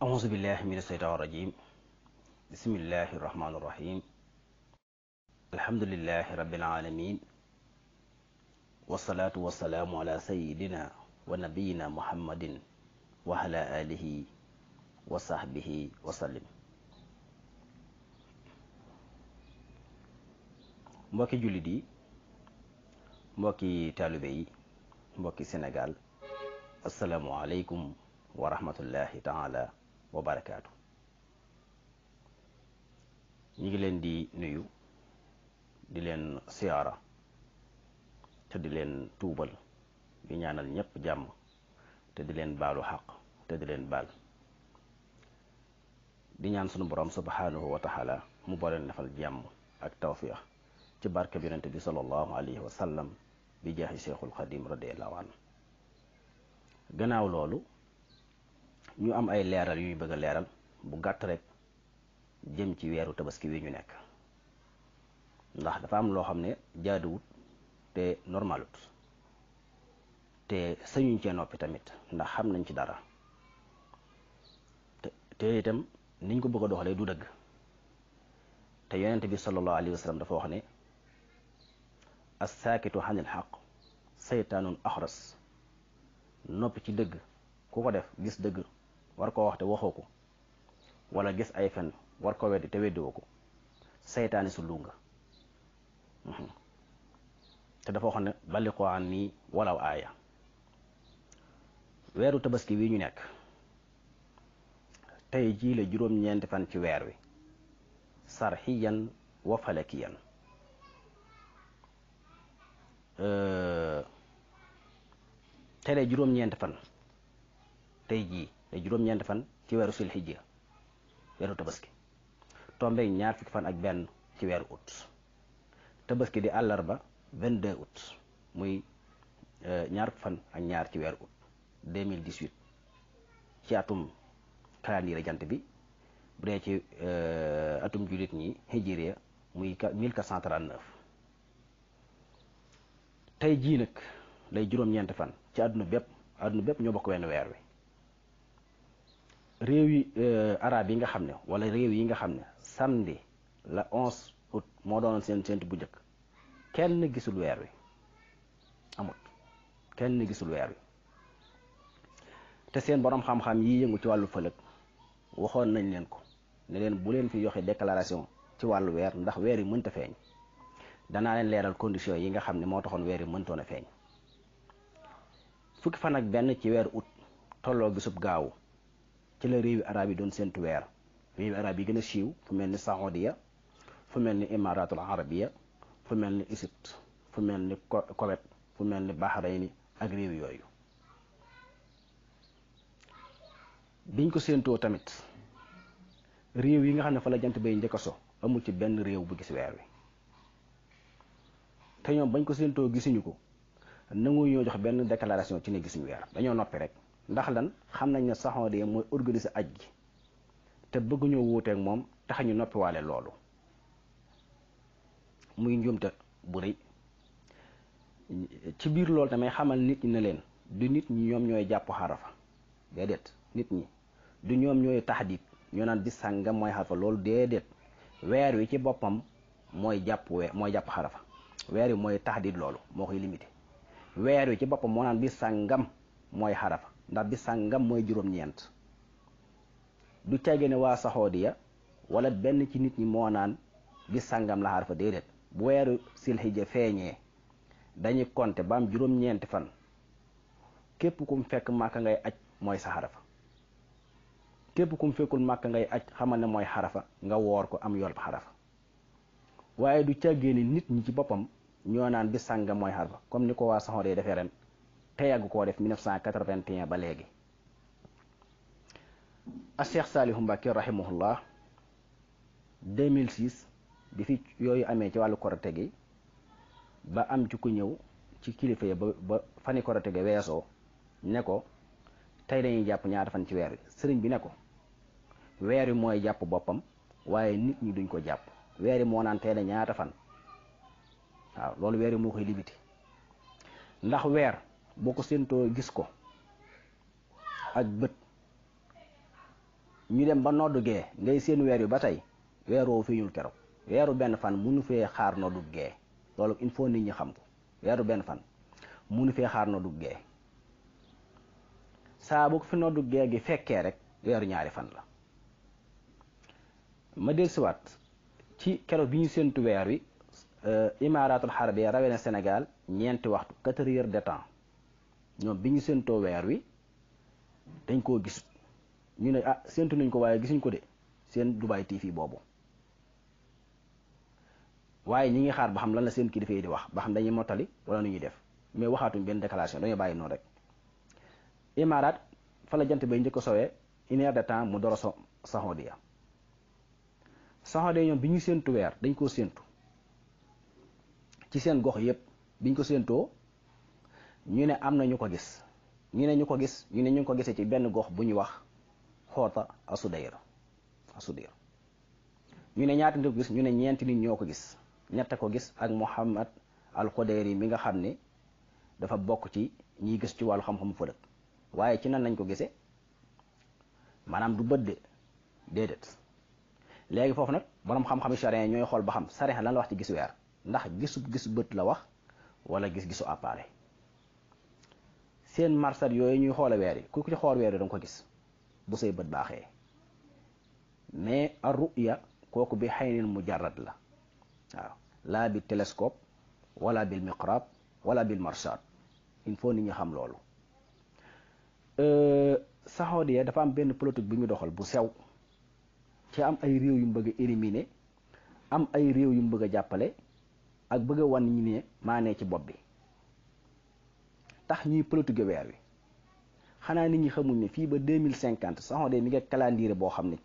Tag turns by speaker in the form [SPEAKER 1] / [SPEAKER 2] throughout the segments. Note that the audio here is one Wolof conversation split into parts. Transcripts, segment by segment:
[SPEAKER 1] أعوذ بالله من الشيطان الرجيم بسم الله الرحمن الرحيم الحمد لله رب العالمين والصلاة والسلام على سيدنا ونبينا محمد وعلى آله وصحبه وسلم مباكي jullit yi mbokki taalibe yi mbokki Sénégal asalaamualeykum wa rahmatullahi Wabarakatuh. barakaatu ngi leen di nuyu di leen siara te di leen tuubal di ñaanal ñepp jàmm te di leen baalu xaq te di leen baal di ñaan sunu borom subhanahu wa taala mu boole jàmm ak tawfiq ci barke bi yonente bi sallallahu alayhi wa sallam bi jaaxi cheikhul radiyallahu anhu gannaaw loolu ñu am ay leeral yu ñu bëgg a leeral bu gàtt rek jëm ci weeru tabaski wi ñu nekk ndax dafa am loo xam ne jaaduwut te normalut te sañuñ cee noppi tamit ndax xam nañ ci dara te itam niñ ko bëgg a doxalee du dëgg te yonent bi sallallahu alayhi wa sallam dafa wax ne assaakitu xanil xaq saytaanun axras noppi ci dëgg ku ko def gis dëgg war koo wax te waxoo ko wala gis ay fen war ko weddi te weddiwoo ko seytaane su lunga te dafa waxoon ne balliqoo an nii walaw aaya weeru tabaski wi ñu nekk tey jii la juróom-ñeenti fan ci weer wi sarxiyan wa falakiyan tey la juróom-ñeenti fan tey jii day juróom-ñeenti fan ci weeru sul xijja weeru tabaski tombe ñaar fukki fan ak benn ci weeru août tabaski di àllarba 22 août muy euh, ñaar fukki fan ak ñaar ci weeru août 2018 ci atum calendrier jant bi bu dee ci euh, atum jullit ñi hijriya muy tey jii nag lay juróom-ñeenti fan ci àdduna bépp àdduna bépp ñoo bokk wenn weer wi réew yi euh, arab yi nga xam ne wala réew yi nga xam ne samedi la 11 août moo doon seen séntu bu njëkk kenn gisul weer wi amut kenn gisul weer wi te seen boroom xam-xam yi yëngu ci wàllu fëlëg waxoon nañ leen ko ne leen bu leen fi joxe déclaration ci wàllu weer ndax weer yi mënta feeñ danaa leen leeral condition yi nga xam ne moo taxoon weer yi mëntoon a feeñ fukki fan nag benn ci weeru août tolloo gisub gaaw ci la réewi araab yi doon seentu weer réewi arab yi gën a siiw fu mel ni Saoudia fu mel ni Imaratul Arabiya fu mel ni Égypte fu mel ni Koweït fu mel ni Bahreïn ak réew yooyu biñ ko séentoo tamit réew yi nga xam ne fa la jant bay njëkk so amul ci benn réew bu gis weer wi te ñoom bañ ko séentoo gisuñu ko nangu ñoo jox benn déclaration ci ne gisuñu weer dañoo noppi rek ndax lan xam nañ ne saxoodee mooy organiser aj gi te bëgguñoo wuuteeg moom tax ñu noppiwaale loolu muy njuumte bu rëy ci biir loolu tamit xamal nit ñi ne leen du nit ñi ñoom ñooy jàpp xarafa déedéet nit ñi du ñoom ñooy taxdiit ñoo naan bis sàngam mooy xarafa loolu déedéet weer wi ci boppam mooy jàpp we mooy jàpp xarafa weer wi mooy taxdiit loolu moo koy limité weer wi ci boppam moo naan bis sàngam mooy xarafa ndax bi sàngam mooy juróom-ñeent du cage ne waa ya wala benn ci nit ñi moo naan bi sàngam la xarfa déedéet bu weeru silxija feeñee dañuy konte ba am juróom-ñeenti fan képp kum fekk màkka ngay aj mooy sa xarafa képp kum fekkul màkka ngay aj xamal ne mooy xarafa nga woor ko am yool xarafa waaye du càggee ni nit ñi ci boppam ñoo naan bi sàngam mooy xarafa comme ni ko waa saxoodiya defee ren te yàgg koo def 1981 ba léegi a Cheikh Saalihu Mbàkke rahimahullah 2006 bi fi yooyu amee ci wàllu korote gi ba am ci ku ñëw ci kilifa ya ba ba fani korate gi weesoo ne ko tey dañuy jàpp ñaata fan ci weer wi sëriñ bi ne ko weer yi mooy jàpp boppam waaye nit ñi duñ ko jàpp weer wi moo naan tey da ñaata fan waaw loolu weer wi moo koy limité ndax weer boo ko séentoo gis ko ak bët ñu dem ba noddu gee ngay seen weer yu ba tey weer woowu fii keroog weeru benn fan munu fee xaar noddu gee loolu il faut nit ñi xam ko weeru benn fan munu fee xaar noddu gee saa bu ko fi noddu gee gi fekkee rek weeru ñaari fan la ma del siwaat ci keroog bi ñu séentu weer wi euh, imaaratul xarabiya rawee na Sénégal ñeenti waxtu quatre heures de temps ñoom bi ñu séentoo weer wi dañ koo gis ñu ne ah séentu nañ ko waaye gisuñ ko de seen Dubai TV boobu waaye ñi ngi xaar ba xam lan la seen kilifa yi di wax ba xam dañuy mottali wala nu ñuy def mais waxaatuñ benn déclaration dañoo bàyyi noonu rek Imaaraat fa la jant bay njëkk a sowee une de temps mu doro so Saxoodiya Saxoodiya ñoom bi ñu séentu weer dañ koo séentu ci seen gox yépp biñ ko séentoo ñu ne am na ñu ko gis ñu ne ñu ko gis ñu ne ñu ko gisee ci benn gox bu ñu wax xoota asudayr asudayr ñu ne ñaata nit gis ñu ne ñeenti nit ñoo ko gis ñett ko gis ak Muhammad al-Xudayri mi nga xam ne dafa bokk ci ñiy gis ci wàllu xam-xamu fëlëg waaye ci nan nañ ko gisee maanaam du bët de déedéet léegi foofu nag borom xam-xami charia ñooy xool ba xam charia lan la wax ci gis weer ndax gisu gisu bët la wax wala gis-gisu appareil seen marsat yooyu ñuy xoole weer yi ku ci xool weer yi danga ko gis bu say bët baaxee mais a ruya kooku bi xaynin mujarrad la waaw laa bi télescope wala bil miqrab wala bil marsat il faut nit ñi xam loolu euh, saxoodiya dafa am benn politique bi ñu doxal bu sew ci am ay réew yu mu bëgg a am ay réew yu mu bëgg a jàppale ak bëgg a wan ñi ne maa ne ci bopp bi tax ñuy politique weer wi xanaa nit ñi xamuñ ne fii ba 2050 saxon de mi nga calendrier boo xam ne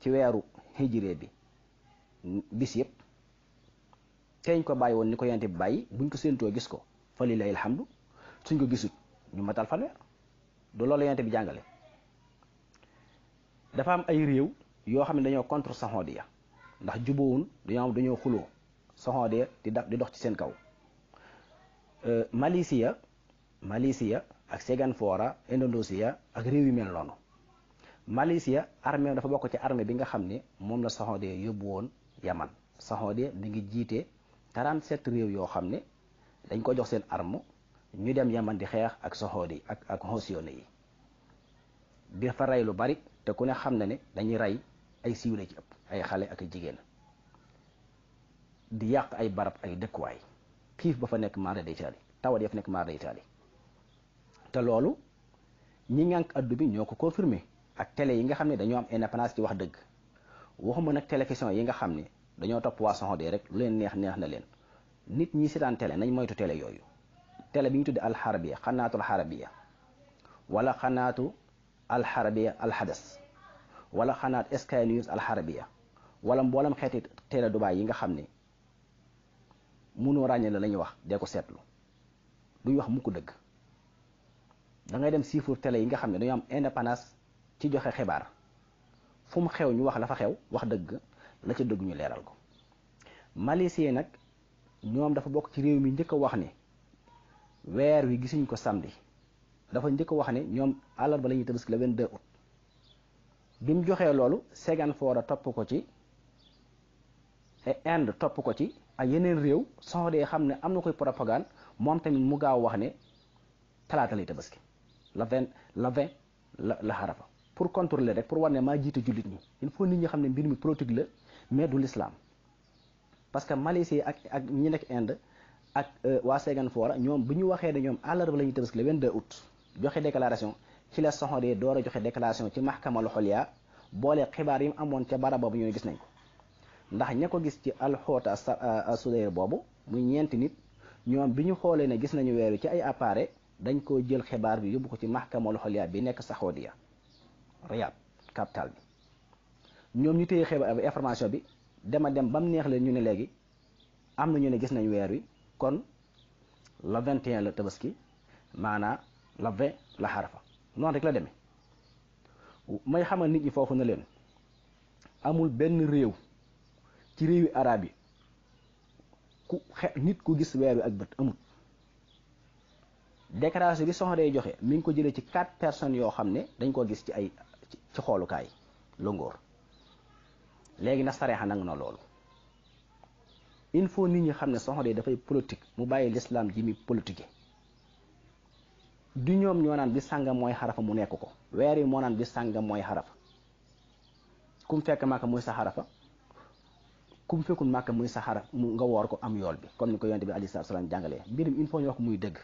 [SPEAKER 1] ci weeru hijire bi bis yépp teñ ko bàyyi woon ni ko yante bi bàyyi buñ ko séentoo gis ko fa lilahi alhamdu suñ ko gisut ñu matal fanweer du loolu yante bi jàngale dafa am ay réew yoo xam ne dañoo contre saxon ya ndax jubowun dañoo am dañoo xuloo saxon de di dox ci seen kaw euh, malisia Malaysia ak Séganfora Indonesia ak réew yu mel noonu Malaysia armée dafa bokk ci armée bi nga xam ne moom la Saxoode yóbbu woon Yaman Saxoode mi ngi jiite 47 réew yoo xam ne dañ ko jox seen arme ñu dem Yaman di xeex ak Saxoode ak ak Hosiyone yi di fa rey lu bari te ku ne xam ne ne dañuy rey ay siwle ci ëpp ay xale ak ay jigéen di yàq ay barab ay dëkkuwaay xiif ba fa nekk mara day taali tawat ya fa nekk mara day taali te loolu ñi ngànk addu bi ñoo ko confirmé ak télé yi nga xam ne dañoo am indépendance ci wax dëgg waxuma nag télévision yi nga xam ne dañoo topp waa Soxodee rek lu leen neex neex na leen nit ñi seetaan télé nañ moytu télé yooyu tele bi ñu tudde alxarabiya xanaatul xarabiya walla xanaatu alxarabiya alxades wala xanaat Sky News alxarabiya wala mboolam xeeti télé Dubaay yi nga xam ni mënoo ràññee la la ñuy wax dee ko seetlu duñ wax mukk dëgg dangay dem siifur télé yi nga xam ne dañoo am indépendance ci joxe xibaar fu mu xew ñu wax la fa xew wax dëgg la ca dëgg ñu leeral ko malicier nag ñoom dafa bokk ci réew mi njëkk a wax ni weer wi gisuñ ko samedi dafa njëkk wax ne ñoom àllarba la ñuy tabaski le 22 août bi mu joxee loolu Séganfora topp ko ci Inde topp ko ci ak yeneen réew soo dee xam ne am na koy propagande moom tamit mu gaaw wax ne talaata lay tabaski la vingt la la la xarafa pour contrôler rek pour war ne maa jiite jullit ñi il faut nit ñi xam ne mbir mi politique la mais du l'islam parce que Malaisie ak ak ñi nekk Inde ak euh, waa Singapour ñoom bu ñu waxee ne ñoom àllarba la ñuy tabaski le 22 août joxe déclaration ci la soxodee door a joxe déclaration ci maxkama lu xolyaa boole xibaar yi mu amoon ca barab boobu ñoo gis nañ ko ndax ña ko gis ci alxoota euh, sudayr boobu muy ñeenti nit ñoom bi ñu xoolee ne gis nañu weeru ci ay appareil dañ koo jël xibaar bi yóbbu ko ci maxkamal xoliya bi nekk Saxoodiya Riyad capital bi ñoom ñu téye xibaar bi information bi dema dem ba mu neex leen ñu ne léegi am na ñu ne gis nañ weer wi kon la 21 la tabaski maanaa la 20 la xarafa noonu rek la demee may xamal nit ñi foofu na leen amul benn réew ci réewi arab yi ku xe nit ku gis weer wi ak bët amut déclaration bi soxna day joxe mi ngi ko jëlee ci quatre personnes yoo xam ne dañ ko gis ci ay ci xoolukaay lëngoor léegi na sareexa nangu na loolu il faut nit ñi xam ne soxna day dafay politique mu bàyyi lislaam ji mi politique du ñoom ñoo naan bi sàngam mooy xarafa mu nekk ko weer yi moo naan bi sàngam mooy xarafa kum fekk màkk muy saxaara xarafa kum fekkul màkk muy sa xarafa mu nga woor ko am yool bi comme ni ko yonent bi alayhi salaam jàngalee mbirum il faut ñu muy dëgg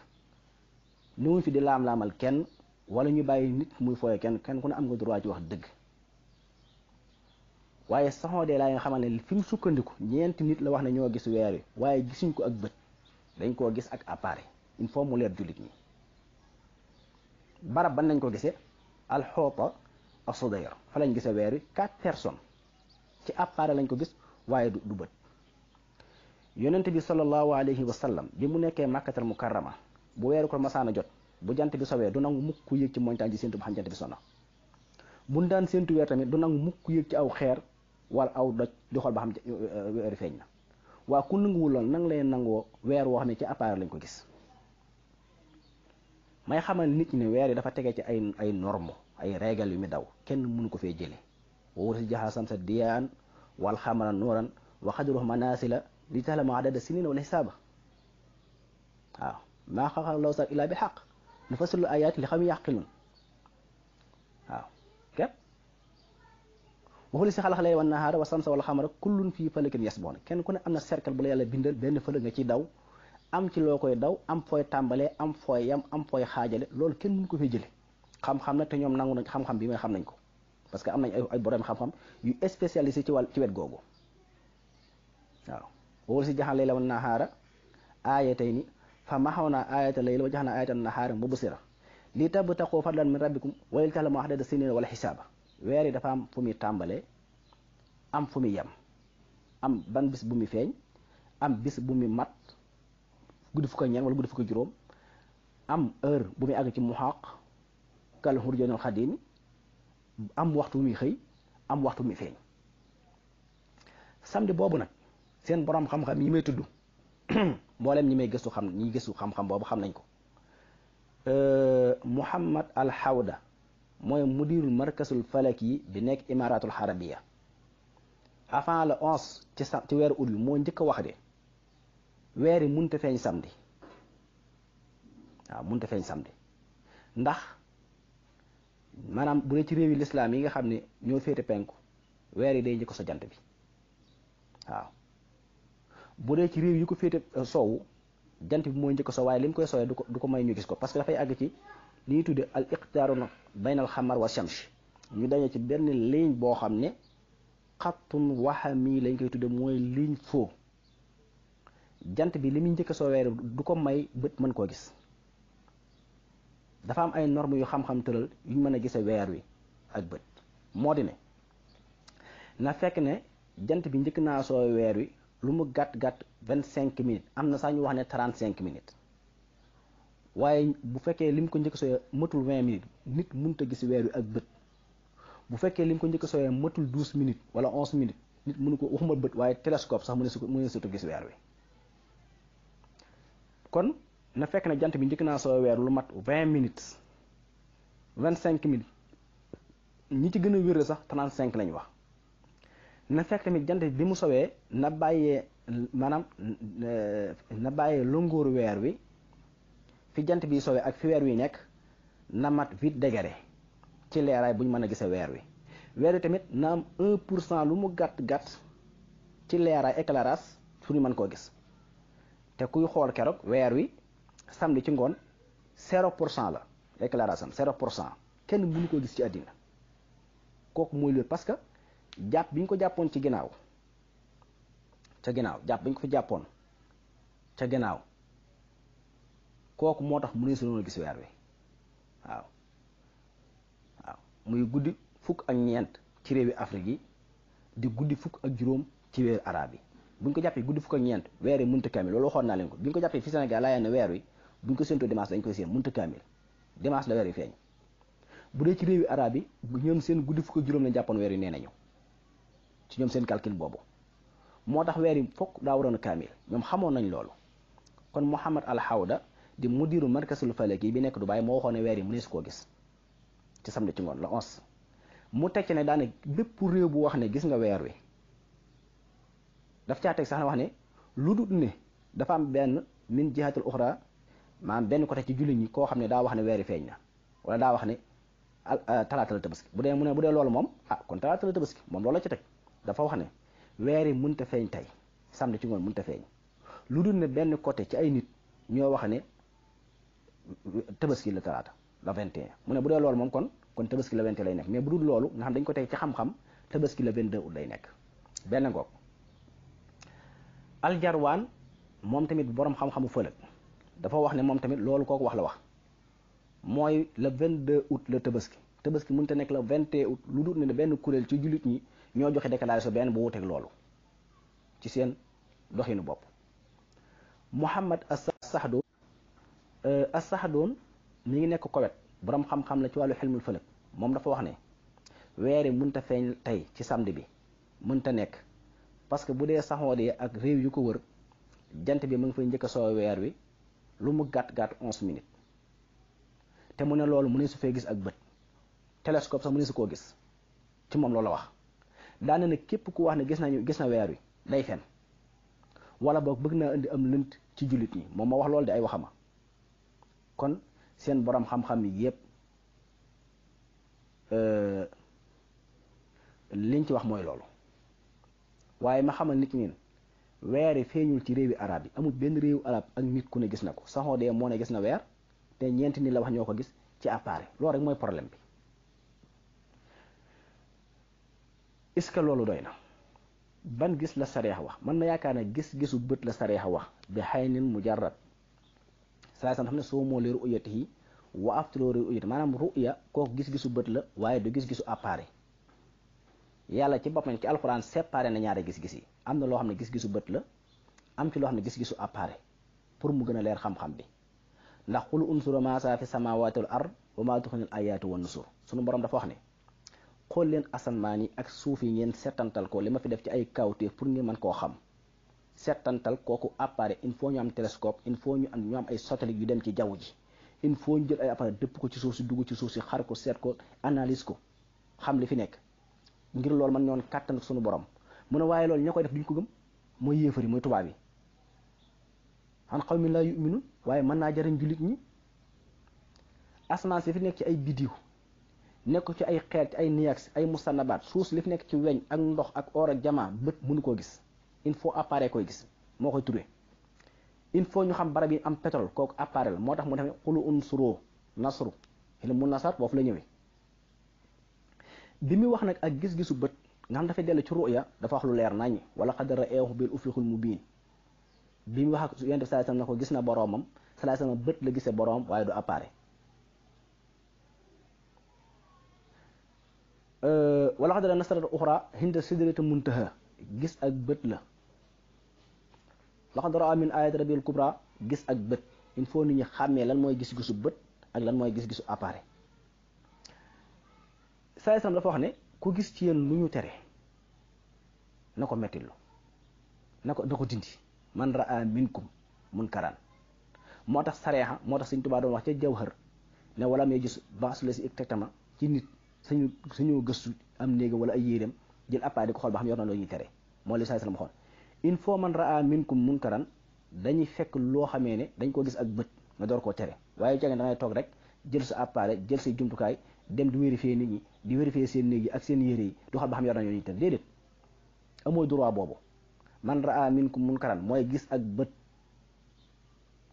[SPEAKER 1] ni mu fi di laam-laamal kenn wala ñu bàyyi nit muy fooye kenn kenn ku ne am nga droit ci wax dëgg waaye saxoo dee laa nga xamal ni fi mu sukkandiku ñeenti nit la wax ne ñoo gis weer wi waaye gisuñ ko ak bët dañ koo gis ak appareil il faut mu leer jullit ñi barab ban nañ ko gisee alxoota asudayr fa lañ gise weer wi quatre personnes ci appareil lañ ko gis waaye du du bët yonent bi sallallahu alayhi wa sallam bi mu nekkee màkkatal mukarrama bu weeru ko masaana jot bu jant bi sowee du nangu mukk ku yéeg ci montagne ji séntu ba xam jant bi sonna buñ daan séntu weer tamit du nangu mukk yéeg ci aw xeer wala aw doj di xool ba xam euh, weer feeñ na waa ku nanguwul lool nangoo weer woo ne ci appareil lañ ko gis may nit ñi ne weer yi dafa tege ci ay ay norme ay régal yu mu daw kenn mënu ko fee jële wawuta si jaxal sam sa diyaan wal xamara nooran wa xadruhu manasila li tax la ma adada sinina wala xisaaba waaw maa xalaqal lawsa illaa bi xaq nu fasilu ayaati li xam yàqilun waaw képp waxu li si xalax lay wan nahaara wa samsa wala xamara kullun fii falakin yasboon kenn ku ne am na cercle bu la yàlla bindal benn fële nga ci daw am ci loo koy daw am fooy tàmbalee am fooy yam am fooy xaajale loolu kenn mënu ko fee jële xam-xam nag te ñoom nangu nañ xam-xam bi may xam nañ ko parce que am nañ ay borom xam-xam yu spécialisé ci wàll ci wet googu waaw waxul si jaxan lay la wan nahaara aaya tey ni fa mahawna ayatal layli wa ja'alna ayatal nahaari mubsira li tabtaqu fadlan min rabbikum wa li ta'lamu adada sinina wal hisaaba weer weeri dafa am fu muy tàmbalee am fu muy yem am ban bis bu muy feeñ am bis bu muy mat guddi fukk ak ñeent wala guddi fukk juróom am heure bu muy àgg ci muxaaq kal hurjanul xadiimi am waxtu bu muy xëy am waxtu bu muy feeñ samedi boobu nag seen boroom xam-xam yi may tudd mboolem ñi may gëstu xam ñi gëstu xam-xam boobu xam nañ ko euh, Muhammad al Hawda mooy mudirul markasul falaki bi nekk imaratul xarabiya avant le 11 ci sa ci weeru ut bi moo njëkk a wax de weer yi munta feeñ samedi waaw munta feeñ samdi ndax maanaam bu dee ci réew yi lislaam yi nga xam ne ñoo féete penku weer yi day njëkk sa jant bi waaw bu dé ci réew yi ko fété euh, sowu jant bi moy ñëkko so waaye lim koy sooyee du ko may ñu gis ko parce que fay ag ci li al iqtaru bainal khamar wa shams ñu dañé ci benn ligne bo xamné khatun xattun waxami lañ koy tuddé moy ligne fo jant bi limi ñëkko njëkk soo du ko may bëtt mën ko gis dafa am ay norme yu xam-xam teural yu mëna gisé wér wi ak bëtt modi né na fekk né jant bi njëkk na so wér wi lu mu gàtt gàtt vingt cinq minutes am na sax ñu wax ne trente cinq minutes waaye bu fekkee li mu ko njëkk sooyee matul vingt minutes nit munu a gis weer ak bët bu fekkee lim ko njëkk sooyee matul douze minutes wala onze minutes nit mënu ko waxuma bët waaye télescope sax mu ne su mu ne surtout gis weer wi kon na fekk na jant bi njëkk naa sooyee weer lu mat vingt minutes vingt cinq minutes ñi ci gën a wér sax trente cinq lañ wax. na fekk tamit jant bi mu sowee na bàyyee maanaam euh, na bàyyee longueur weer wi fi jant bi sowee ak fi weer wi nekk na mat huit degré ci leeraay bu ñu mën a gisee weer wi weer wi tamit na am pour cent lu mu gàtt gàtt ci leeraay éclairage su ñu mën koo gis te kuy xool keroog weer wi samedi ci ngoon zéro pour cent la éclairage am pour cent kenn mënu koo gis ci àddina kooku mooy loolu parce que jàpp bi ñu ko jàppoon ci ginnaaw ca ginnaaw jàpp bi ñu ko jàppoon ca ginnaaw kooku moo tax mu ne su noonu gis weer wi waaw waaw muy guddi fukk ak ñeent ci réewi Afrique yi di guddi fukk ak juróom ci weeru araab yi bu ñu ko jàppee ñeent weer yi mënta kaamil loolu waxoon naa leen ko bi ne weer wi bu ñu ko séentoo dimanche dañ koy seen mënta kaamil dimanche la weer wi feeñ bu dee ci réewi araab yi ñoom seen guddi fukk ak juróom lañ jàppoon weer wi nee nañu ci ñom seen calcul bobu motax wéri fokk da warona kamil ñom xamoon nañ loolu kon muhammad al hawda di mudiru markasul falaki bi nek dubai mo waxoon wéri mu nees koo gis ci samedi ci ngoon la 11 mu tek ci ne daane bepp rew bu wax ne gis nga wéer wi daf sax wax ne lu ne dafa am ben min jihatul ukhra maanaam ben côté ci julli ñi ko xamne da wax ne weer feñ na wala da wax ne euh, talaata la tabaski bu mu ne bu dee loolu ah kon talaata la tabaski mom loolu la ci tek dafa wax ne weer yi mënta feeñ tey samedi ci ngoon mënta feeñ lu dul ne benn côté ci ay nit ñoo wax ne tabaski la talaata la 21 mu ne bu dee loolu moom kon kon tabaski la 21 lay nekk mais bu dul loolu nga xam dañ ko tey ci xam-xam tabaski la 22 août lay nekk benn ngoog aljarwaan moom tamit borom xam-xamu fëlëg dafa wax ne moom tamit loolu kooku wax la wax mooy le 22 août la tabaski tabaski mënta nekk la 21 août lu dul ne benn kuréel ci jullit ñi ñoo joxe déclaration benn bu wuteeg loolu ci seen doxinu bopp Muhammad as-Saxdoon euh, as-Saxdoon mi ngi nekk Koweït boroom xam-xam la ci wàllu xilmul fëlëg moom dafa wax ne weer yi mënta feeñ tey ci samedi bi mënta nekk parce que bu dee saxoon yi ak réew yu ko wër jant bi mu ngi fay njëkk a soo weer wi lu mu gàtt gàtt onze minutes te mu ne loolu mu ne su fee gis ak bët télescope sax mu ne su koo gis ci moom loolu la wax daane na képp ku wax ne gis nañu gis na weer wi day fen wala boog bëgg naa indi am lënt ci jullit ñi moom ma wax loolu di ay waxama kon seen boroom xam-xam yi yépp euh, liñ ci wax mooy loolu waaye ma xamal nit ñi weeri feeñul ci réewi arab yi amul benn réewu arab ak nit ku ne gis na ko saxoo dee moo ne gis na weer te ñeenti nii la wax ñoo ko gis ci appareil loolu rek mooy problème bi est ce que loolu doy na ban gis la sareex wax man na yaakaar ne gis-gisu bët la sareex wax bi xaynin mujarrad saa sam xam ne soo moo li ru'yatihi wa aftaloo ru'yati maanaam ru'ya kooku gis-gisu bët la waaye du gis-gisu appareil yàlla ci boppam ci alxuraan séparé na ñaari gis-gis yi am na loo xam ne gis-gisu bët la am ci loo xam ne gis-gisu appareil pour mu gën a leer xam-xam bi ndax xul unsura ma saa fi samawati wal ard wa ma tuxnil ayatu nusur sunu borom dafa wax ne xool leen asamaan yi ak suuf yi ngeen setantal ko li ma fi def ci ay kawteef pour ngeen man koo xam setantal kooku appareil il faut ñu am télescope in faut ñu am ñu am ay satellite yu dem ci jaw ji il faut ñu jël ay appareil dëpp ko ci suuf si dugg ci suuf si xar ko seet ko analyse ko xam li fi nekk ngir loolu man ñoon kàttan suñu borom mu ne waaye loolu ña koy def duñ ko gëm mooy yéefar yi mooy tubaab yi an xaw mi laa yuminun waaye mën naa jëriñ jullit ñi asamaan si fi nekk ci ay bidiw nekk ci ay xeet ci ay niyax ay musanabaat suus li fi nekk ci weñ ak ndox ak or ak jamaa bët mënu koo gis il faut appareil koy gis moo koy turé il faut ñu xam barab yi am pétrole kooku appareil moo tax mu def xulu unsuro nasru xil mu nasar boofu la ñëwee bi muy wax nag ak gis-gisu bët nga xam dafay dellu ci ya dafa wax lu leer naññ wala xadara eexu bil ufixul mu biin bi mu wax ak yonent bi sallallahu alayhi na ko gis na boroomam sallallahu alayhi wasallam bët la gisee boroom waaye du appareil Euh, wala xadara nasarata uxra hinda sidrata muntaha gis ak bët la laqad raa min ayat gis ak bët il faut nit ñi xàmmee lan mooy gis-gisu bët ak lan mooy gis-gisu appareil saa islam dafa wax ne ku gis ci yéen lu ñu tere na ko mettilu na ko na ko dindi man raa minkum munkaran moo tax sareexa moo tax Sëñ Tuubaa doon wax ca jawhar ne wala may gis baasula si exactement ci nit sañu sañoo gëstu am néegam wala ay yéeréem jël appareil di ko xool ba xam yor na loo ñuy tere moo li saa sallam xool in foo man raa minkum munkaran dañuy fekk loo xamee ne dañ ko gis ak bët nga door koo tere waaye jàngeen da ngay toog rek jël sa appareil jël say jumtukaay dem di vérifier nit ñi di vérifier seen néeg ak seen yére yi du xam ba xam yor na ñoo amoo droit boobu man mooy gis ak bët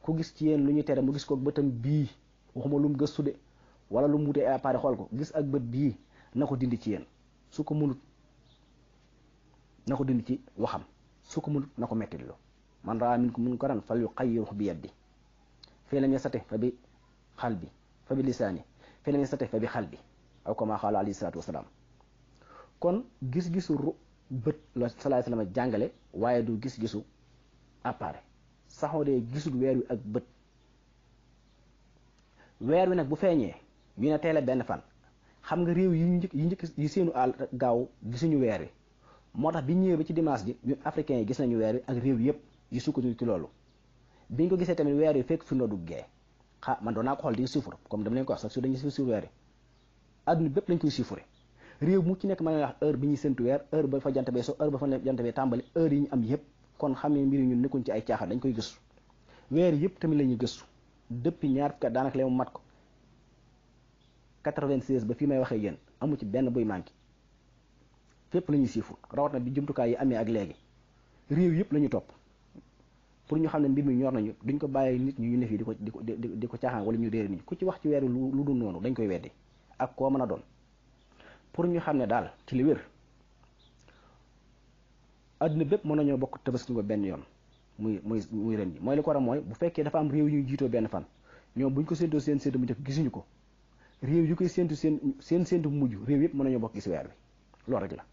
[SPEAKER 1] ku gis ci yéen lu ñuy tere mu gis ko bëtam bii waxuma lu mu gëstu de wala lu mu wutee ay xool ko gis ak bët bii na ko dindi ci yéen su ko mënut na ko dindi ci waxam su ko mënut na ko mettitlu man raa minkum munkaran falyughayyirhu bi yadihi fa in lam yastati' fa bi qalbi fa bi lisaani fa in lam yastati' fa bi qalbi aw a qaala alayhi salaatu wasalaam kon gis-gisu ru bët la salaay salaam jàngale waaye du gis-gisu appareil saxoo dee gisul weer wi ak bët weer wi nag bu feeñee ñu ne teele benn fan xam nga réew yi ñu njëkk yi njëkk yi seenu àll gaaw gisuñu weer wi moo tax bi ñëwee ba ci dimanche ji ñun africains yi gis nañu weer wi ak réew yëpp yi sukkandiku ci loolu biñ ko gisee tamit weer wi fekk fi mu la duggee xa man doon naa ko xool di chiffre comme dama leen ko wax su dañuy suivre weer wi adduna bépp lañ koy chiffre réew mu ci nekk ma ne wax heure bi ñuy séntu weer heure ba fa jant bee so heure ba fa jant bee tàmbali heure yi ñu am yëpp kon xam ne mbir ñun ci ay caaxaan dañ koy gëstu weer yëpp tamit la ñuy gëstu depuis ñaar fukki daanaka leen mat ko 96 ba fii may waxee yéen amu ci benn buy manqué fépp la ñuy siifu rawat na bi jumtukaay yi amee ak léegi réew yëpp la ñu topp pour ñu xam ne mbir mi ñor nañu duñ ko bàyyi nit ñi ñu ne fii di ko di ko di ko caaxaan wala ñu réer nit ku ci wax ci weer lu dul noonu dañ koy weddi ak koo mën a doon pour ñu xam ne daal ci li wér adduna bépp mën nañoo bokk tabaski ko benn yoon muy muy muy ren ji mooy li ko war a mooy bu fekkee dafa am réew yu ñuy jiitoo benn fan ñoom buñ ko séentoo seen séentu mu jëf gisuñu ko réew yu koy séntu seen seen séntu mujj réew yëpp mën nañoo bokk gis weer bi loolu rek la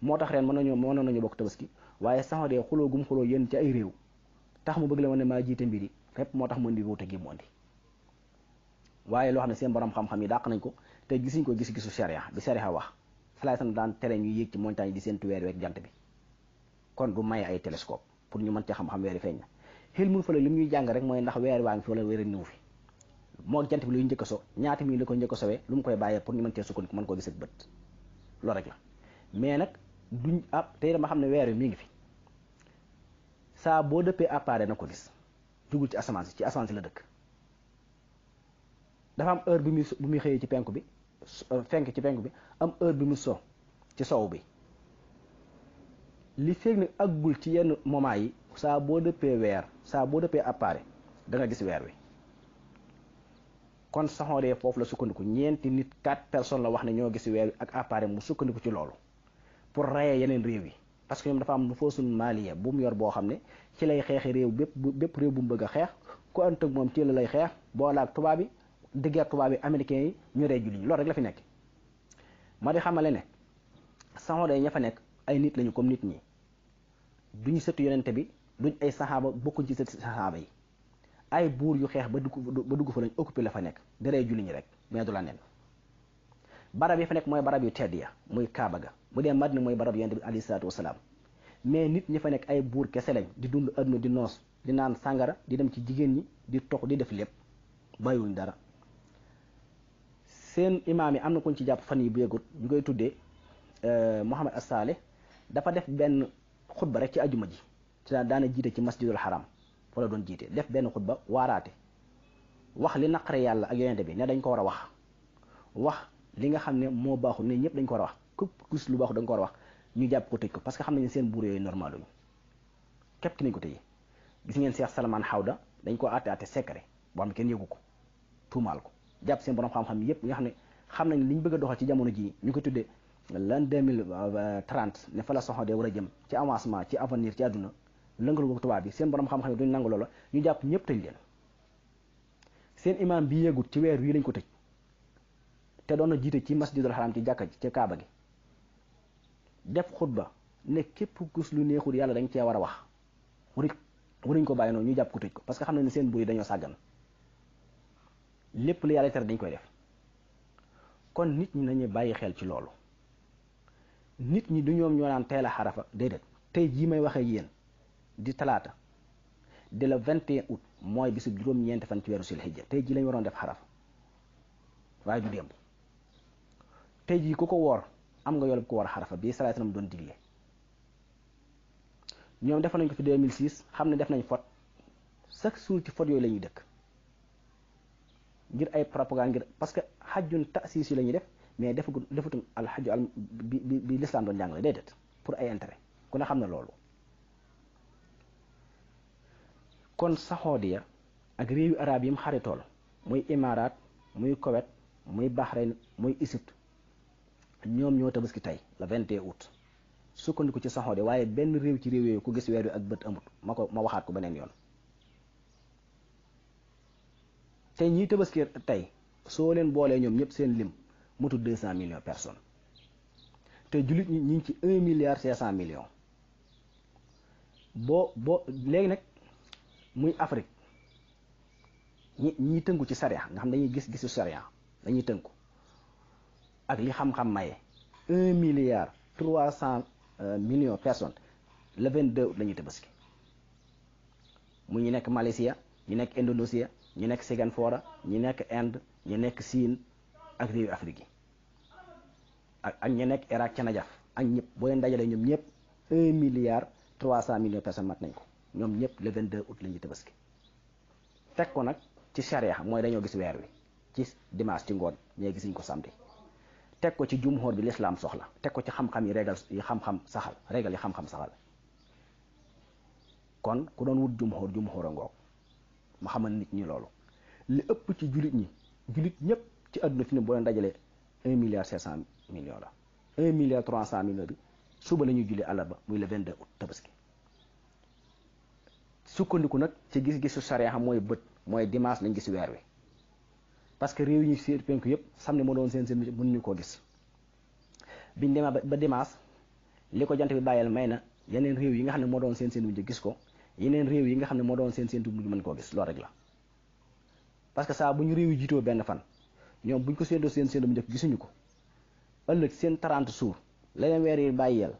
[SPEAKER 1] moo tax ren mën nañoo mën nañoo bokk tabaski waaye sax de xuloo gum xuloo yéen ci ay réew tax mu bëgg la ma ne maa jiite mbir yi moo tax mu indi wuute gi mu waaye loo xam seen borom xam yi dàq nañ ko te gisuñ ko gis-gisu sharia bi sharia wax salaay sana tere ñu yéeg ci montagne di séntu weer weeg jant bi kon du maye ay télescope pour ñu mën ci xam-xam weer yi feeñ na xel mun fa la li ñuy jàng rek mooy ndax weer waa ngi fi wala weer fi moo jant bi luy njëkk a so ñaata mi la koy njëkk a sowee lu mu koy bàyyee pour ñu mën cee sukkandiku mën koo gis ak bët loolu rek la mais nag duñ ab ah, tey dama xam ne weer mi ngi fi saa boo dëppee appareil na ko gis jugul ci asamaan si ci asamaan la dëkk dafa am heure bi muy bu muy xëyee ci penk bi fenk ci penk bi am heure bi mu so ci sow bi li feeg ak aggul ci yenn moment yi saa boo dëppee weer saa boo dëppee appareil da nga gis weer wi kon saxoodee foofu la sukkandiku ñeenti nit quatre personnes la wax ne ñoo gis weer wi ak appareil mu sukkandiku ci loolu pour raye yeneen réew yi parce que ñoom dafa am nu foo suñ maaliya bu mu yor boo xam ne ci lay xeexi réew bépp bépp réew bu mu bëgg a xeex ku ànd moom ci la lay xeex boolaak tubaab bi diggeek tubaab bi américain yi ñu rey julli ñi loolu rek la fi nekk ma di xamale ne saxoodee ña fa nekk ay nit lañu comme nit ñi duñu sëtu yonente bi duñ ay saxaaba bokkuñ ci sëtu saxaaba yi ay buur yu xeex ba dugg ba dugg fa lañ occupé la fa nekk daree julli ñi rek mais du la nen barab yi fa nekk mooy barab yu tedd ya muy Kaaba ga bu dee Madina mooy barab yonent bi alayhi salaatu wasalaam mais nit ñi fa nekk ay buur kese lañ di dund adduna di noos di naan sàngara di dem ci jigéen ñi di tox di def lépp bàyyiwuñ dara seen imaam yi am na kuñ ci jàpp fan yi bu yëgut ñu koy tuddee euh, Mohamed Assaale dafa def benn xutba rek ci ajuma ji ci daan daana ci masjidul haram wala doon jiite def benn ba waaraate wax li naqare yàlla ak yonente bi ne dañ ko war a wax wax li nga xam ne moo baaxul ne ñëpp dañ ko war a wax ku gis lu baaxul dañ ko war a wax ñu jàpp ko tëj ko parce que xam nañ seen buur yooyu normal luñu képp ki nañ ko tëjee gis ngeen Cheikh Salman Hawda dañ ko àtte àtte secret boo xam kenn yëgu ko tuumaal ko jàpp seen borom xam-xam yëpp nga xam ne xam nañ liñ bëgg a doxal ci jamono jii ñu ko tuddee l'an 2030 ne fa la soxodee war a jëm ci avancement ci avenir ci àdduna lëngalu ko tubaab bi seen borom xam-xam yi duñ nangu loola ñu jàpp ñëpp tëj leen seen bi yéegut ci weer wii lañ ko tëj te doon na jiite ci masjidul xaram ci jàkka ci kaaba gi def xutba ne képp gus lu neexul yàlla dañu cee war a wax waruñ waruñ ko bàyyi noonu ñu jàpp ko tëj ko parce que xam ne ne seen buur yi dañoo sàggan lépp lu yàlla tere dañ koy def kon nit ñi nañu bàyyi xel ci loolu nit ñi du ñoom ñoo naan teel a xarafa déedéet tey jii may waxee yéen di talaata di la 21 août mooy bisu juróom-ñeenti fan ci weeru si la tey jii lañu waroon def xaraf waaye du démb tey jii ku ko woor am nga yool bu ko war a xarafa bii salaay salaam doon digle ñoom defoon nañ ko fi 2006 xam ne def nañ fot chaque jour ci fot yooyu la ñuy dëkk ngir ay propagande ngir parce que xajjun taasiis yi la ñuy def mais defagu defutum alxaju al bi bi lislaam doon jàngale déedéet pour ay intérêt ku ne xam ne loolu kon saxoodiya ak réewi arab yi mu xaritool muy imaraat muy Koweït muy Bahreïn muy Égypte ñoom ñoo tabaski tey le 21 août sukkandiku ci saxoodiya waaye benn réew ci réew yooyu ku gis weer wi ak bët amut ma ko ma waxaat ko beneen yoon te ñiy tabaski tey soo leen boolee ñoom ñëpp seen lim mutu 200 millions personnes te jullit ñi ñu ngi ci 1 milliard 500 millions boo boo léegi nag muy Afrique ñi ñiy tënku ci sariya nga xam dañuy gis-gisu sariya dañuy tënku ak li xam-xam maye un milliard trois cent euh, millions personnes le vingt deux août la ñuy tabaski mu ñu nekk Malaysia ñu nekk Indonesia ñu nekk fora ñu nekk Inde ñu nekk Chine ak réewu Afrique yi ak ak ñu nekk Irak ca Najaf ak ñëpp boo leen dajalee ñoom ñëpp un milliard trois cent millions personnes mat nañ ko. ñoom ñëpp le 22 août la ñuy tabaski teg ko nag ci charia mooy dañoo gis weer wi ci dimanche ci ngoon ñee gisuñ ko samedi teg ko ci jumhur bi lislaam soxla teg ko ci xam-xam yi régal yi xam-xam saxal régal xam-xam saxal kon ku doon wut jumhur jumhur a ngoog ma xamal nit ñi loolu li ëpp ci jullit ñi jullit ñëpp ci àdduna fi ne boo leen dajalee un milliard cinq cent millions la un milliard trois cent bi suba la ñuy julli àllarba muy le 22 août tabaski sukkandiku nag ci gis-gisu sariya xam mooy bët mooy dimanche lañ gis weer wi parce que réew yi seen penku yépp samedi mo doon seen seen mën ñu koo gis biñ demee ba dimanche li ko jant bi bàyyal may na yeneen réew yi nga xam ne moo doon seen seen mujj gis ko yeneen réew yi nga xam ne moo doon seen seen mujj mën koo gis loolu rek la parce que saa bu ñu réew yi jiitoo benn fan ñoom buñ ko séentoo seen seen mujj gisuñu ko ëllëg seen 30 suur la leen weer yi bàyyeel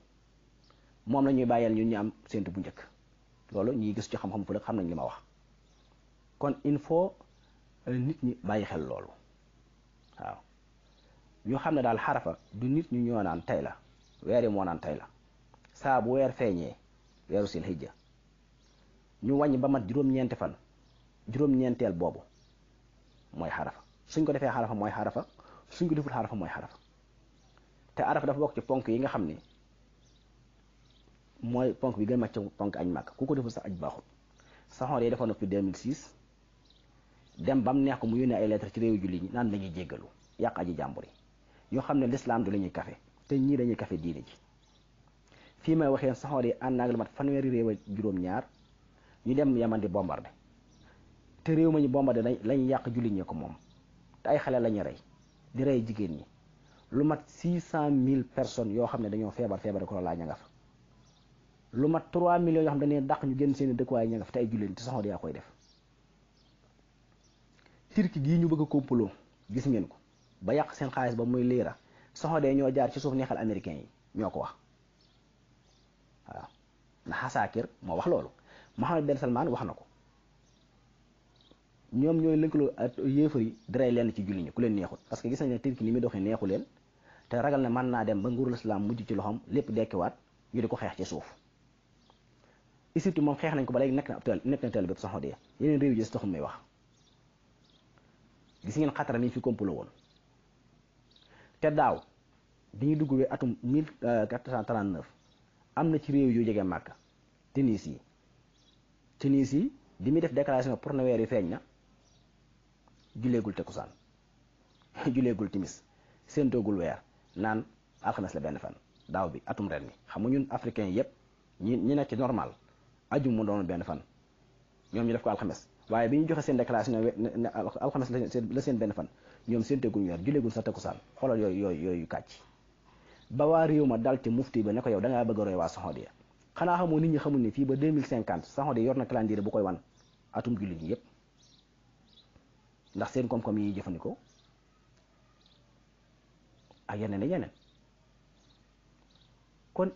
[SPEAKER 1] moom la ñuy bàyyeel ñun ñu am seen bu njëkk loolu ñuy gis ci xam-xam fële xam nañ li ma wax kon il faut euh, nit ñi bàyyi xel loolu waaw ñu xam ne daal xarafa du nit ñu ñoo naan tey la weer yi moo naan tey la saa bu weer feeñee weeru sil hijja ñu wàññi ba mat juróom-ñeenti fan juróom-ñeenteel boobu mooy xarafa suñ ko defee xarafa mooy xarafa suñ ko deful xarafa mooy xarafa te arafa dafa bokk ci ponk yi nga xam ni mooy ponk bi gën ci ponk añ màkk ku ko deful sax aj baaxul saxoor yi dafa 2006 dem bam neex ko mu yónnee ay lettre ci réew julli ñi naan dañuy jéggalu yàq aji jàmbur yi ñoo xam ne lislaam du la ñuy kafe te ñii dañuy kafe diine ji fii may waxee saxoor yi ànd naag la mat fanweeri réew ak juróom-ñaar ñu dem yaman di bombardé te réew ma ñu bombardé lañ yàq julli ñee ko moom te ay xale lañu rey di rey jigéen ñi lu mat 600 personnes yoo xam ne dañoo feebar feebar ko la ña fa lu mat 3 millions yoo xam ne dañuy dàq ñu génn seen i dëkkuwaay ña nga fa te ay jullit te saxoon yaa koy def turki gii ñu bëgg a gis ngeen ko ba yàq seen xaalis ba muy liira soxodee ñoo jaar ci suuf neexal américain yi ñoo ko wax waaw ndax kër moo wax loolu Mohammed Ben Salman wax na ko ñoom ñooy lëkkaloo ak yéefar yi diray leen ci julli ñi ku leen neexul parce que gis nañ ne Turki ni muy doxee neexu leen te ragal na mën naa dem ba nguurul islam mujj ci loxoom lépp dekkiwaat ñu ko xeex ci suuf Égypte moom xeex nañ ko ba léegi nekk na ab teel nekk na teel bépp yeneen réew yi si taxul may wax gis ngeen xatara mi fi komplo woon te daaw dañuy dugg we atum 1439 euh, am na ci réew yu jege yi Tunisie yi bi muy def déclaration pour na weer yi feeñ na juleegul takkusaan juleegul timis séentoogul weer naan alxames la benn fan daaw bi atum ren mi xam nga ñun africain yépp ñi ñi nekk ci normal aju mu doon benn fan ñoom ñu def ko alxames waaye bi ñu joxe seen déclaration ne alxames la seen benn fan ñoom seen teguñ weer juleeguñ sa takusaan xoolal yooyu yooyu yooyu kàcc ba waa réew ma dal ci mufti ba ne ko yow da bëgg a roy waa Saxoodiya xanaa xamoo nit ñi xamul ne fii ba 2050 Saxoodiya yor na calendrier bu koy wan atum jullit ñi yépp ndax seen koom-koom yi jëfandikoo ak yeneen ak yeneen kon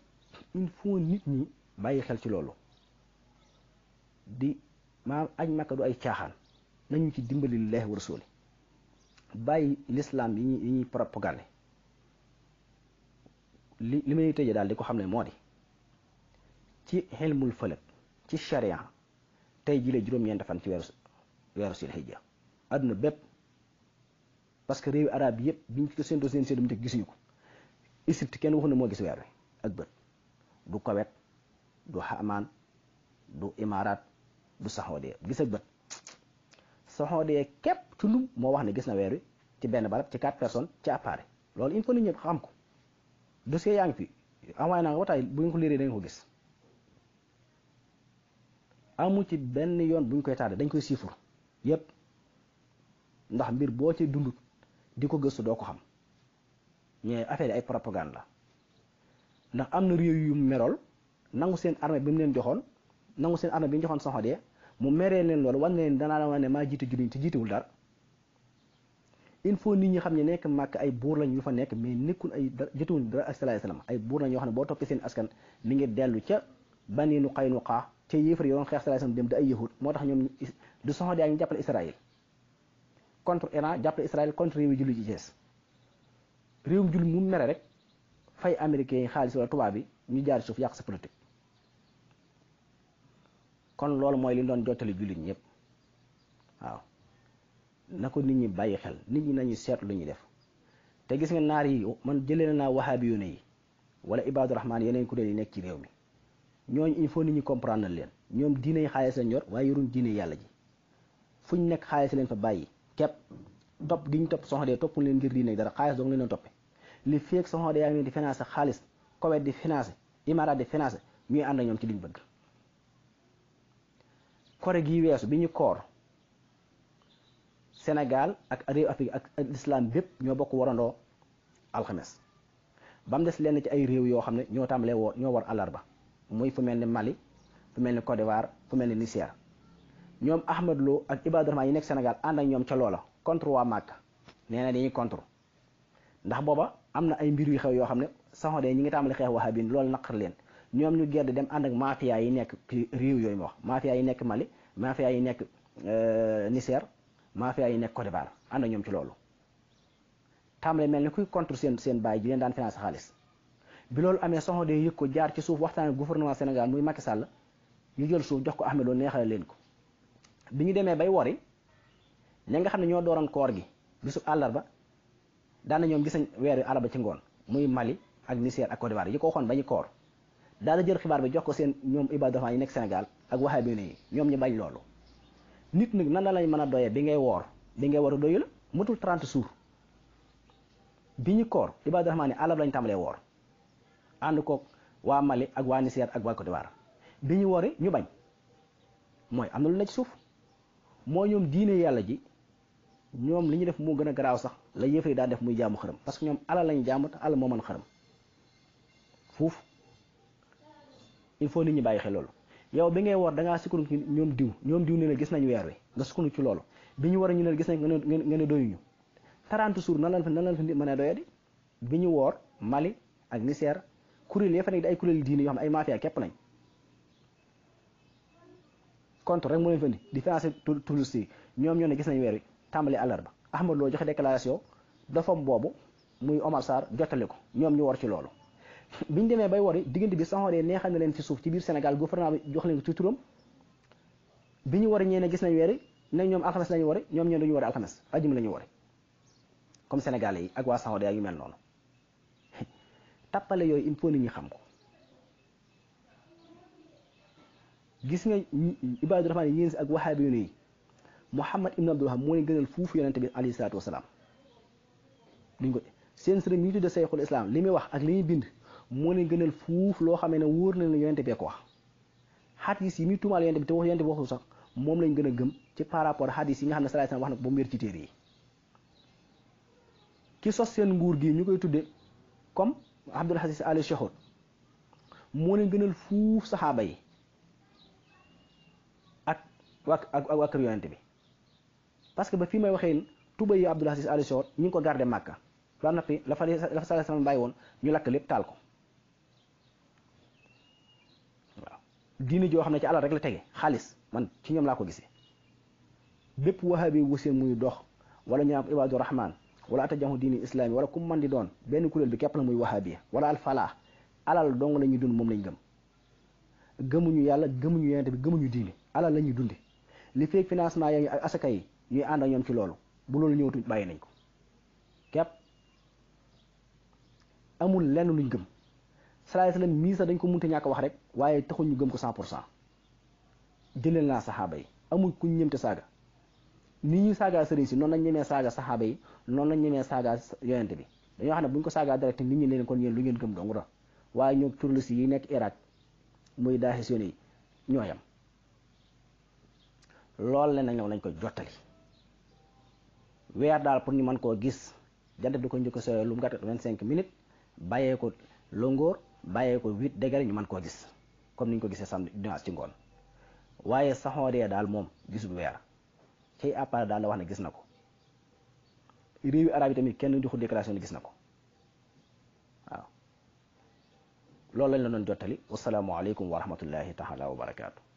[SPEAKER 1] il nit ñi bàyyi xel ci loolu di maam aj makka du ay caaxaan nañu ci dimbali lillaahi wa rasuuli bàyyi lislaam yi ñuy propagande li li may tëjee daal di ko xam ne moo di ci xilmul fëlëg ci sharia tey jii la juróom-ñeent fan ci weeru weeru silhijja àdduna bépp parce que réewi arab yëpp biñ ko seen doo seen seen dum te gisuñu ko Égypte kenn waxu ne moo gis weer wi ak bët du Koweït du Hamaan du Imaaraat du saxoo dee gis ak bët saxoo dee képp tullum moo wax ne gis na weer wi ci benn barab ci quatre personnes ci appareil loolu il faut ñëpp xam ko dossier yaa ngi fi envoyé ko ba dañ ko gis ci benn yoon bu koy tardé dañ koy siifur yépp ndax mbir boo ci dundut di ko gëstu ko xam mais affaire ay propagande la ndax am na réew yu merool nangu seen armée bi mu leen joxoon nangu seen armée bi ñu joxoon saxoo dee mu meree leen loolu wan leen danaa la wax maa jiite jullit ñi te jiitewul dara il faut nit ñi xam ne nekk màkk ay buur lañ yu fa nekk mais nekkul ay jotewuñ dara ak salaay salaam ay buur lañ yoo xam ne boo toppee seen askan mi ngi dellu ca bani nu xay nu xaa ca yéefar yoon xeex salaay salaam dem di ay yahud moo tax ñoom du soxla yaa ngi jàppale Israël contre Iran jàppale Israël contre réew yi jullit yi jees réewum jullit mu mere rek fay américains yi xaalis wala tubaab bi ñu jaar suuf yàq sa politique kon loolu mooy li doon jottali jullit ñëpp waaw na ko nit ñi bàyyi xel nit ñi nañu seet lu ñuy def te gis nga naar yi man jëlee naa waxaabi yoone yi wala ibaadu rahmaan yeneen kuréel yi nekk ci réew mi ñooñu il faut nit ñi comprendre leen ñoom diine yi xaalis lañ yor waaye yoruñ diine yàlla ji fu ñu nekk xaalis leen fa bàyyi képp topp gi ñu topp soxna dee topp leen ngir diine dara xaalis doog leen a toppe li feeg soxna dee yaa ngi leen di financé xaalis Koweït di ñoom ci liñ bëgg koré gi weesu biñu ñu koor sénégal ak réew afrique ak l'islam bépp ño bokk warandoo alxames bam dess lenn ci ay réew yo ño tambalé wo ño war alarba muy fu melni mali fu melni côte d'ivoire fu melni niger ñom ahmed lo ak ibadou rahman yi nek sénégal and ak ñom ci loola contre wa makka nee dañuy contre ndax boba amna ay mbir yu xew yo xam saxo saxodee ñi ngi tambalé xex wahabin loolu nakar ñoom ñu gedd dem ànd ak mafia yi nekk ci réew yooyu ma wax mafia yi nekk Mali mafia yi nekk euh, Niger mafia yi nekk Côte d'Ivoire ànd ñoom ci loolu tàmbale mel ni kuy contre seen seen bàyyi ji leen daan financé xaalis bi loolu amee soxna day yëg ko jaar ci suuf waxtaan gouvernement Sénégal muy Macky sàll ñu jël suuf jox ko Ahmed Lo neexale leen ko bi ñu demee bay wori ña nga xam ne ñoo dooroon koor gi bisu àllarba daana ñoom gis nañ weer wi àllarba ci ngoon muy Mali ak Niger ak Côte yi ko waxoon ba ñu koor daal di jël xibaar bi jox ko seen ñoom ibadofan yi nekk Sénégal ak wahabi yi ñoom ñu bañ loolu nit nag nan la lañ mën a doyee bi ngay woor bi ngay war a doyu la matul 30 jours bi ñu koor ibadorahman yi alab lañ tàmbalee woor ànd koog waa Mali ak waa Niger ak waa Côte d'Ivoire bi ñu wooree ñu bañ mooy am na lu ne suuf moo ñoom diine yàlla ji ñoom li ñu def moo gën a garaaw sax la yëfee daan def muy jaamu xërëm parce que ñoom alal lañu jaamu te moo mën xërëm fuuf il faut nit ñi bàyyi xel loolu yow bi ngay woor da ngaa sukkandiku ñoom diw ñoom diw ne gis nañ weer wi nga sukkandiku ci loolu bi ñu war ñu ne gis nañ nga ne doyuñu 30 jours nan la nan la nit mën a doyadi bi ñu woor Mali ak Niger kuréel ya fa nekk di ay kuréel diine yoo xam ne ay mafia képp nañ compte rek moo leen fa indi di financé touristes yi ñoom ñoo ne gis nañ weer wi tàmbali àllarba Ahmad loo joxe déclaration dafam boobu muy Omar Sarr jottali ko ñoom ñu war ci loolu biñ demee bay wari diggante bi saxooree neexal na leen ci suuf ci biir Sénégal gouvernement bi jox leen ci turam bi ñu wari ñeene gis nañ weeri nañ ñoom alxames lañu wari ñoom ñeen dañu wari alxames ajum la ñu wari comme Sénégalais yi ak waa saxooree ak yu mel yooyu il faut xam ko gis nga ibaadu rahmaan yi yéen si ak waxaabi yu nii Muhammad ibn Abdul Wahab moo leen gënal fuufu yonente bi alayhi salaatu wasalaam duñ ko seen sëriñ ñu tudde sayxul islam li muy wax ak li muy bind moo leen gënal fuuf loo xamee ne wóor na la yonente bee ko wax hadis yi mi tuumaal yonente bi te wax yonente bi waxul sax moom lañ gën a gëm ci par rapport hadis yi nga xam ne salaay wax na ba ci téere yi ki sos seen nguur gi ñu koy tudde comme abdul aziz ali shahud moo leen gënal fuuf saxaaba yi ak wak ak wak kër yonente bi parce que ba fii may waxee tuba yi abdul aziz ali shahud ñu ngi ko garde màkka na fi la fa la fa salaay bàyyi woon ñu lakk lépp taal ko diine joo xam ne ci alal rek la tege xaalis man ci ñoom laa ko gisee bépp wahabi wu seen muy dox wala ñu am ibadu rahman wala atajahu diini islami wala ku man di doon benn kuréel bi képp la muy wahabiya wala alfalaa alal dong la ñuy dund moom lañ gëm gëmuñu yàlla gëmuñu yonente bi gëmuñu diine alal la ñuy dunde li feek financement yi ak asaka yi ñuy ànd ak ñoom ci loolu bu loolu ñëwatuñ nañ ko képp amul lenn luñ gëm salaay salaam mii sax dañ ko munte ñàkk wax rek waaye taxul ñu gëm ko cent pour cent jëleel naa saxaaba yi amul ku ñemte saaga ni ñuy saaga sëriñ si noonu lañ ñemee saaga saxaaba yi noon lañ ñemee saaga yonente bi dañoo xam ne bu ñu ko saaga direct nit ñu leen kon yéen lu ngeen gëm dong la waaye ñoom turlisi yi nekk Irak muy daaxis yoon yi ñoo yem loolu la ñoom lañ ko jottali weer daal pour ñu mën koo gis jant bi ko njëkk a lu nga gàtt vingt cinq minutes bàyyee ko longoor bàyyee ko huit degré ñu mën koo gis comme ni ñu ko gisee samedi dimanche ci ngoon waaye saxooree daal moom gisul weer ci appart daal la wax na gis na ko réewi arab yi tamit kenn joxul déclaration ne gis na ko waaw loolu lañ la doon jottali wasalaamualeykum wa rahmatullahi taala wa barakaatu.